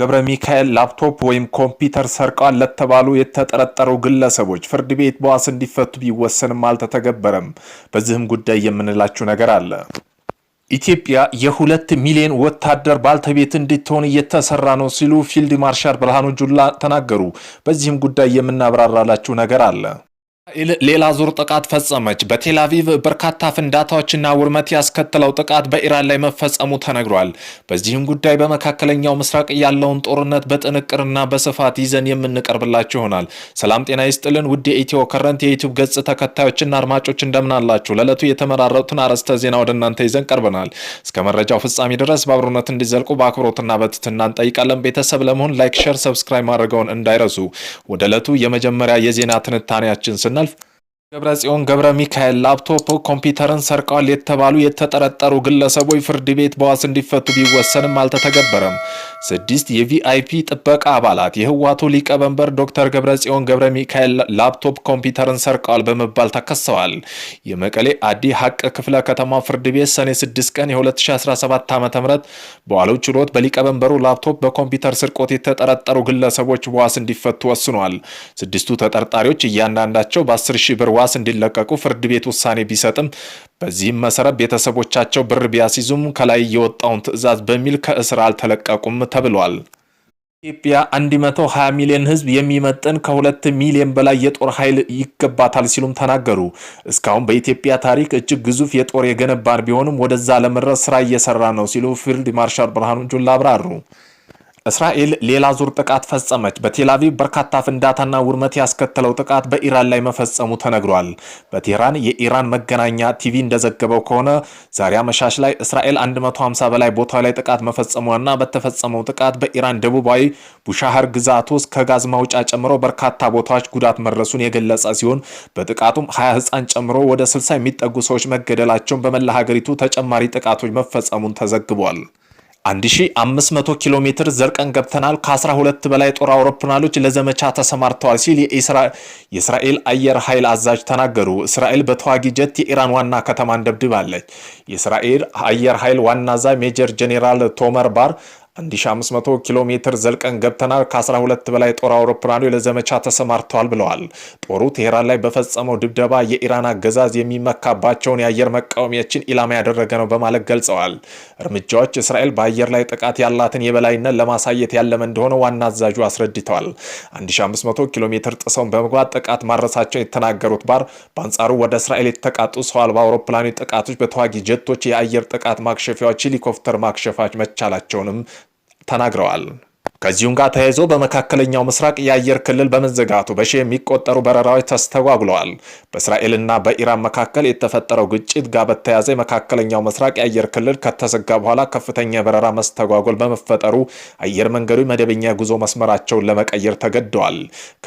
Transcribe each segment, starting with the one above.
ገብረ ሚካኤል ላፕቶፕ ወይም ኮምፒውተር ሰርቀዋል ለተባሉ የተጠረጠሩ ግለሰቦች ፍርድ ቤት በዋስ እንዲፈቱ ቢወሰንም አልተተገበረም። በዚህም ጉዳይ የምንላችሁ ነገር አለ። ኢትዮጵያ የሁለት ሚሊዮን ወታደር ባልተቤት እንድትሆን እየተሰራ ነው ሲሉ ፊልድ ማርሻል ብርሃኑ ጁላ ተናገሩ። በዚህም ጉዳይ የምናብራራላችሁ ነገር አለ። ሌላ ዙር ጥቃት ፈጸመች። አቪቭ በርካታ ፍንዳታዎችና ውርመት ያስከተለው ጥቃት በኢራን ላይ መፈጸሙ ተነግሯል። በዚህም ጉዳይ በመካከለኛው ምስራቅ ያለውን ጦርነት በጥንቅርና በስፋት ይዘን የምንቀርብላችሁ ይሆናል። ሰላም ጤና ይስጥልን ውድ የኢትዮ ከረንት የዩቱብ ገጽ ተከታዮችና አድማጮች እንደምናላችሁ። ለዕለቱ የተመራረጡትን አርዕስተ ዜና ወደ እናንተ ይዘን ቀርበናል። እስከ መረጃው ፍጻሜ ድረስ በአብሮነት እንዲዘልቁ በአክብሮትና በትትና እንጠይቃለን። ቤተሰብ ለመሆን ላይክ፣ ሸር፣ ሰብስክራይብ ማድረገውን እንዳይረሱ። ወደ ዕለቱ የመጀመሪያ የዜና ትንታኔያችን ስና Ralf, ገብረ ጽዮን ገብረ ሚካኤል ላፕቶፕ ኮምፒውተርን ሰርቀዋል የተባሉ የተጠረጠሩ ግለሰቦች ፍርድ ቤት በዋስ እንዲፈቱ ቢወሰንም አልተተገበረም። ስድስት የቪአይፒ ጥበቃ አባላት የህዋቱ ሊቀመንበር ዶክተር ገብረ ጽዮን ገብረ ሚካኤል ላፕቶፕ ኮምፒውተርን ሰርቀዋል በመባል ተከሰዋል። የመቀሌ አዲ ሀቅ ክፍለ ከተማ ፍርድ ቤት ሰኔ 6 ቀን የ2017 ዓ ም በዋለው ችሎት በሊቀመንበሩ ላፕቶፕ በኮምፒውተር ስርቆት የተጠረጠሩ ግለሰቦች በዋስ እንዲፈቱ ወስኗል። ስድስቱ ተጠርጣሪዎች እያንዳንዳቸው በ10 ሺህ ብር በዋስ እንዲለቀቁ ፍርድ ቤት ውሳኔ ቢሰጥም በዚህም መሰረት ቤተሰቦቻቸው ብር ቢያስይዙም ከላይ የወጣውን ትዕዛዝ በሚል ከእስር አልተለቀቁም ተብሏል። ኢትዮጵያ 120 ሚሊዮን ህዝብ የሚመጥን ከሁለት ሚሊዮን በላይ የጦር ኃይል ይገባታል ሲሉም ተናገሩ። እስካሁን በኢትዮጵያ ታሪክ እጅግ ግዙፍ የጦር የገነባን ቢሆንም ወደዛ ለመድረስ ስራ እየሰራ ነው ሲሉ ፊልድ ማርሻል ብርሃኑ ጁላ አብራሩ። እስራኤል ሌላ ዙር ጥቃት ፈጸመች። በቴላቪ በርካታ ፍንዳታና ውርመት ያስከተለው ጥቃት በኢራን ላይ መፈጸሙ ተነግሯል። በቴህራን የኢራን መገናኛ ቲቪ እንደዘገበው ከሆነ ዛሬ አመሻሽ ላይ እስራኤል 150 በላይ ቦታ ላይ ጥቃት መፈጸሟና በተፈጸመው ጥቃት በኢራን ደቡባዊ ቡሻሃር ግዛት ውስጥ ከጋዝ ማውጫ ጨምሮ በርካታ ቦታዎች ጉዳት መድረሱን የገለጸ ሲሆን በጥቃቱም 20 ህፃን ጨምሮ ወደ 60 የሚጠጉ ሰዎች መገደላቸውን በመላ ሀገሪቱ ተጨማሪ ጥቃቶች መፈጸሙን ተዘግቧል። 1500 ኪሎ ሜትር ዘርቀን ገብተናል። ከ12 በላይ ጦር አውሮፕላኖች ለዘመቻ ተሰማርተዋል ሲል የእስራኤል አየር ኃይል አዛዥ ተናገሩ። እስራኤል በተዋጊ ጀት የኢራን ዋና ከተማን ደብድባለች። የእስራኤል አየር ኃይል ዋና አዛዥ ሜጀር ጄኔራል ቶመር ባር 1500 ኪሎ ሜትር ዘልቀን ገብተናል። ከ12 በላይ ጦር አውሮፕላኖች ለዘመቻ ተሰማርተዋል ብለዋል። ጦሩ ቴሄራን ላይ በፈጸመው ድብደባ የኢራን አገዛዝ የሚመካባቸውን የአየር መቃወሚያችን ኢላማ ያደረገ ነው በማለት ገልጸዋል። እርምጃዎች እስራኤል በአየር ላይ ጥቃት ያላትን የበላይነት ለማሳየት ያለመ እንደሆነ ዋና አዛዡ አስረድተዋል። 1500 ኪሎ ሜትር ጥሰውን በመግባት ጥቃት ማድረሳቸውን የተናገሩት ባር በአንጻሩ ወደ እስራኤል የተቃጡ ሰው አልባ ጥቃቶች በተዋጊ ጀቶች፣ የአየር ጥቃት ማክሸፊያዎች፣ ሄሊኮፕተር ማክሸፋች መቻላቸውንም ተናግረዋል። ከዚሁም ጋር ተያይዞ በመካከለኛው ምስራቅ የአየር ክልል በመዘጋቱ በሺ የሚቆጠሩ በረራዎች ተስተጓጉለዋል። በእስራኤልና በኢራን መካከል የተፈጠረው ግጭት ጋር በተያያዘ የመካከለኛው ምስራቅ የአየር ክልል ከተዘጋ በኋላ ከፍተኛ የበረራ መስተጓጎል በመፈጠሩ አየር መንገዱ መደበኛ ጉዞ መስመራቸውን ለመቀየር ተገደዋል።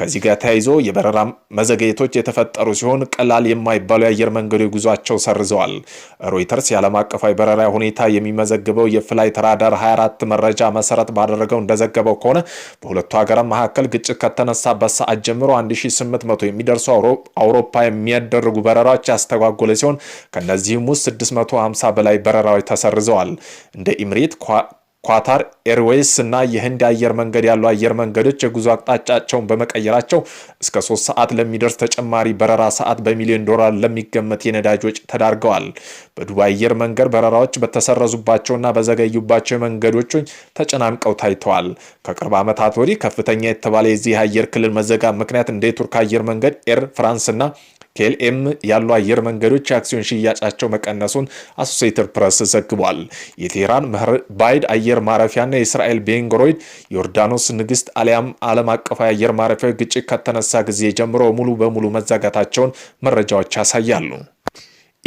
ከዚህ ጋር ተያይዞ የበረራ መዘገየቶች የተፈጠሩ ሲሆን ቀላል የማይባሉ የአየር መንገዶች ጉዟቸው ሰርዘዋል። ሮይተርስ የዓለም አቀፋዊ በረራ ሁኔታ የሚመዘግበው የፍላይት ራዳር 24 መረጃ መሰረት ባደረገው እንደዘገ እንደዘገበው ከሆነ በሁለቱ ሀገራት መካከል ግጭት ከተነሳ በሰዓት ጀምሮ 1800 የሚደርሱ አውሮፓ የሚያደርጉ በረራዎች ያስተጓጎለ ሲሆን ከእነዚህም ውስጥ 650 በላይ በረራዎች ተሰርዘዋል። እንደ ኢምሬት ኳታር ኤርዌይስ እና የህንድ አየር መንገድ ያሉ አየር መንገዶች የጉዞ አቅጣጫቸውን በመቀየራቸው እስከ ሶስት ሰዓት ለሚደርስ ተጨማሪ በረራ ሰዓት በሚሊዮን ዶላር ለሚገመት የነዳጅ ወጪ ተዳርገዋል። በዱባይ አየር መንገድ በረራዎች በተሰረዙባቸውና በዘገዩባቸው መንገዶች ተጨናንቀው ታይተዋል። ከቅርብ ዓመታት ወዲህ ከፍተኛ የተባለ የዚህ አየር ክልል መዘጋ ምክንያት እንደ የቱርክ አየር መንገድ፣ ኤር ፍራንስ እና ኬልኤም ያሉ አየር መንገዶች የአክሲዮን ሽያጫቸው መቀነሱን አሶሴትድ ፕረስ ዘግቧል። የቴህራን ምህር ባይድ አየር ማረፊያና የእስራኤል ቤንግሮይድ ዮርዳኖስ ንግስት አሊያም ዓለም አቀፋዊ አየር ማረፊያ ግጭት ከተነሳ ጊዜ ጀምሮ ሙሉ በሙሉ መዘጋታቸውን መረጃዎች ያሳያሉ።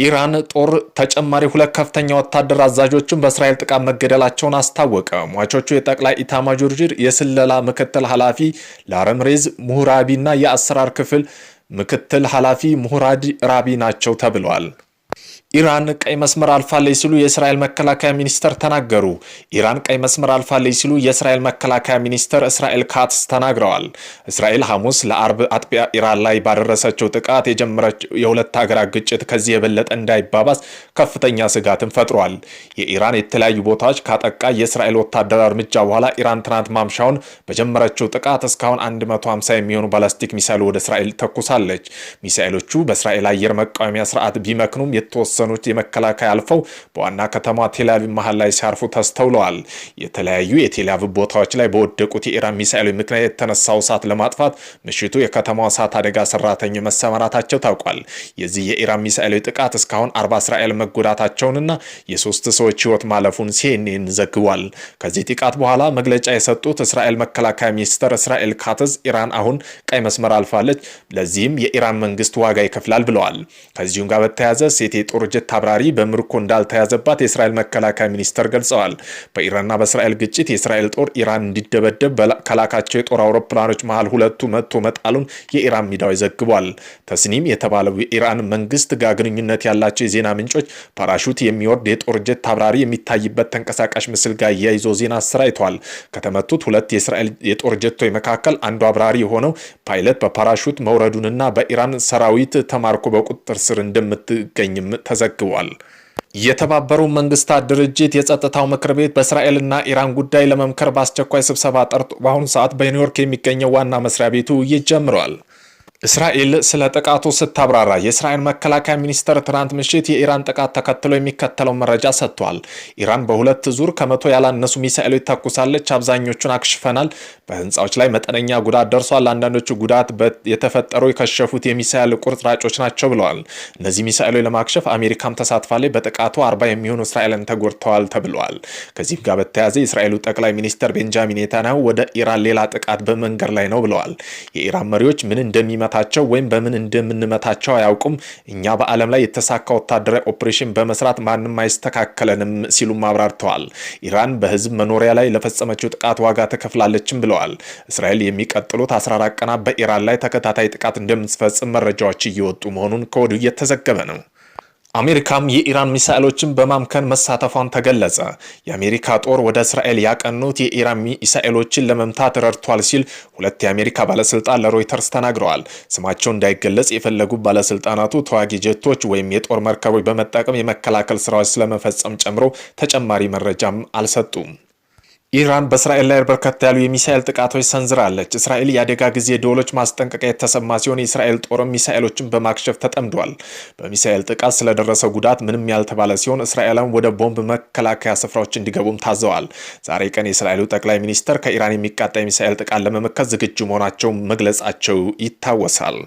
ኢራን ጦር ተጨማሪ ሁለት ከፍተኛ ወታደር አዛዦችን በእስራኤል ጥቃት መገደላቸውን አስታወቀ። ሟቾቹ የጠቅላይ ኢታማዦር የስለላ ምክትል ኃላፊ ላረምሬዝ ሙህራቢና የአሰራር ክፍል ምክትል ኃላፊ ሙህራድ ራቢ ናቸው ተብሏል። ኢራን ቀይ መስመር አልፋለች ሲሉ የእስራኤል መከላከያ ሚኒስተር ተናገሩ። ኢራን ቀይ መስመር አልፋለች ሲሉ የእስራኤል መከላከያ ሚኒስተር እስራኤል ካትስ ተናግረዋል። እስራኤል ሐሙስ ለአርብ አጥቢያ ኢራን ላይ ባደረሰችው ጥቃት የጀመረችው የሁለት ሀገራት ግጭት ከዚህ የበለጠ እንዳይባባስ ከፍተኛ ስጋትን ፈጥሯል። የኢራን የተለያዩ ቦታዎች ካጠቃ የእስራኤል ወታደራዊ እርምጃ በኋላ ኢራን ትናንት ማምሻውን በጀመረችው ጥቃት እስካሁን 150 የሚሆኑ ባላስቲክ ሚሳይል ወደ እስራኤል ተኩሳለች። ሚሳይሎቹ በእስራኤል አየር መቃወሚያ ስርዓት ቢመክኑም የተወሰ የተወሰኑት የመከላከያ አልፈው በዋና ከተማ ቴልአቪቭ መሀል ላይ ሲያርፉ ተስተውለዋል። የተለያዩ የቴልአቪቭ ቦታዎች ላይ በወደቁት የኢራን ሚሳኤሎች ምክንያት የተነሳው እሳት ለማጥፋት ምሽቱ የከተማዋ እሳት አደጋ ሰራተኞች መሰማራታቸው ታውቋል። የዚህ የኢራን ሚሳኤሎች ጥቃት እስካሁን አርባ እስራኤል መጎዳታቸውንና የሶስት ሰዎች ህይወት ማለፉን ሲኤንኤን ዘግቧል። ከዚህ ጥቃት በኋላ መግለጫ የሰጡት እስራኤል መከላከያ ሚኒስትር እስራኤል ካትዝ ኢራን አሁን ቀይ መስመር አልፋለች፣ ለዚህም የኢራን መንግስት ዋጋ ይከፍላል ብለዋል። ከዚሁም ጋር በተያያዘ ሴት የጦር ጀት አብራሪ በምርኮ እንዳልተያዘባት የእስራኤል መከላከያ ሚኒስተር ገልጸዋል። በኢራንና በእስራኤል ግጭት የእስራኤል ጦር ኢራን እንዲደበደብ ከላካቸው የጦር አውሮፕላኖች መሃል ሁለቱ መጥቶ መጣሉን የኢራን ሚዲያዎች ዘግቧል። ተስኒም የተባለው የኢራን መንግስት ጋር ግንኙነት ያላቸው የዜና ምንጮች ፓራሹት የሚወርድ የጦር ጀት አብራሪ የሚታይበት ተንቀሳቃሽ ምስል ጋር እያይዞ ዜና አሰራይተዋል። ከተመቱት ሁለት የእስራኤል የጦር ጀቶች መካከል አንዱ አብራሪ የሆነው ፓይለት በፓራሹት መውረዱንና በኢራን ሰራዊት ተማርኮ በቁጥጥር ስር እንደምትገኝም ተዘግቧል። የተባበሩ መንግስታት ድርጅት የጸጥታው ምክር ቤት በእስራኤልና ኢራን ጉዳይ ለመምከር በአስቸኳይ ስብሰባ ጠርቶ በአሁኑ ሰዓት በኒውዮርክ የሚገኘው ዋና መስሪያ ቤቱ ይጀምረዋል። እስራኤል ስለ ጥቃቱ ስታብራራ የእስራኤል መከላከያ ሚኒስቴር ትናንት ምሽት የኢራን ጥቃት ተከትሎ የሚከተለው መረጃ ሰጥቷል። ኢራን በሁለት ዙር ከመቶ ያላነሱ ሚሳኤሎች ተኩሳለች። አብዛኞቹን አክሽፈናል። በህንፃዎች ላይ መጠነኛ ጉዳት ደርሷል። አንዳንዶቹ ጉዳት የተፈጠረው የከሸፉት የሚሳኤል ቁርጥራጮች ናቸው ብለዋል። እነዚህ ሚሳኤሎች ለማክሸፍ አሜሪካም ተሳትፋለች። በጥቃቱ አርባ የሚሆኑ እስራኤልን ተጎድተዋል ተብለዋል። ከዚህ ጋር በተያያዘ የእስራኤሉ ጠቅላይ ሚኒስትር ቤንጃሚን ኔታንያሁ ወደ ኢራን ሌላ ጥቃት በመንገድ ላይ ነው ብለዋል። የኢራን መሪዎች ምን እንደሚመ እንደምንመታቸው ወይም በምን እንደምንመታቸው አያውቁም። እኛ በዓለም ላይ የተሳካ ወታደራዊ ኦፕሬሽን በመስራት ማንም አይስተካከለንም ሲሉም አብራርተዋል። ኢራን በህዝብ መኖሪያ ላይ ለፈጸመችው ጥቃት ዋጋ ተከፍላለችም ብለዋል። እስራኤል የሚቀጥሉት 14 ቀናት በኢራን ላይ ተከታታይ ጥቃት እንደምትፈጽም መረጃዎች እየወጡ መሆኑን ከወዲሁ እየተዘገበ ነው። አሜሪካም የኢራን ሚሳኤሎችን በማምከን መሳተፏን ተገለጸ። የአሜሪካ ጦር ወደ እስራኤል ያቀኑት የኢራን ሚሳኤሎችን ለመምታት ረድቷል ሲል ሁለት የአሜሪካ ባለስልጣን ለሮይተርስ ተናግረዋል። ስማቸው እንዳይገለጽ የፈለጉ ባለስልጣናቱ ተዋጊ ጀቶች ወይም የጦር መርከቦች በመጠቀም የመከላከል ስራዎች ስለመፈጸም ጨምሮ ተጨማሪ መረጃም አልሰጡም። ኢራን በእስራኤል ላይ በርከት ያሉ የሚሳኤል ጥቃቶች ሰንዝራለች። እስራኤል የአደጋ ጊዜ ደወሎች ማስጠንቀቂያ የተሰማ ሲሆን የእስራኤል ጦርም ሚሳኤሎችን በማክሸፍ ተጠምዷል። በሚሳኤል ጥቃት ስለደረሰው ጉዳት ምንም ያልተባለ ሲሆን እስራኤላን ወደ ቦምብ መከላከያ ስፍራዎች እንዲገቡም ታዘዋል። ዛሬ ቀን የእስራኤሉ ጠቅላይ ሚኒስተር ከኢራን የሚቃጣ የሚሳኤል ጥቃት ለመመከት ዝግጁ መሆናቸው መግለጻቸው ይታወሳል።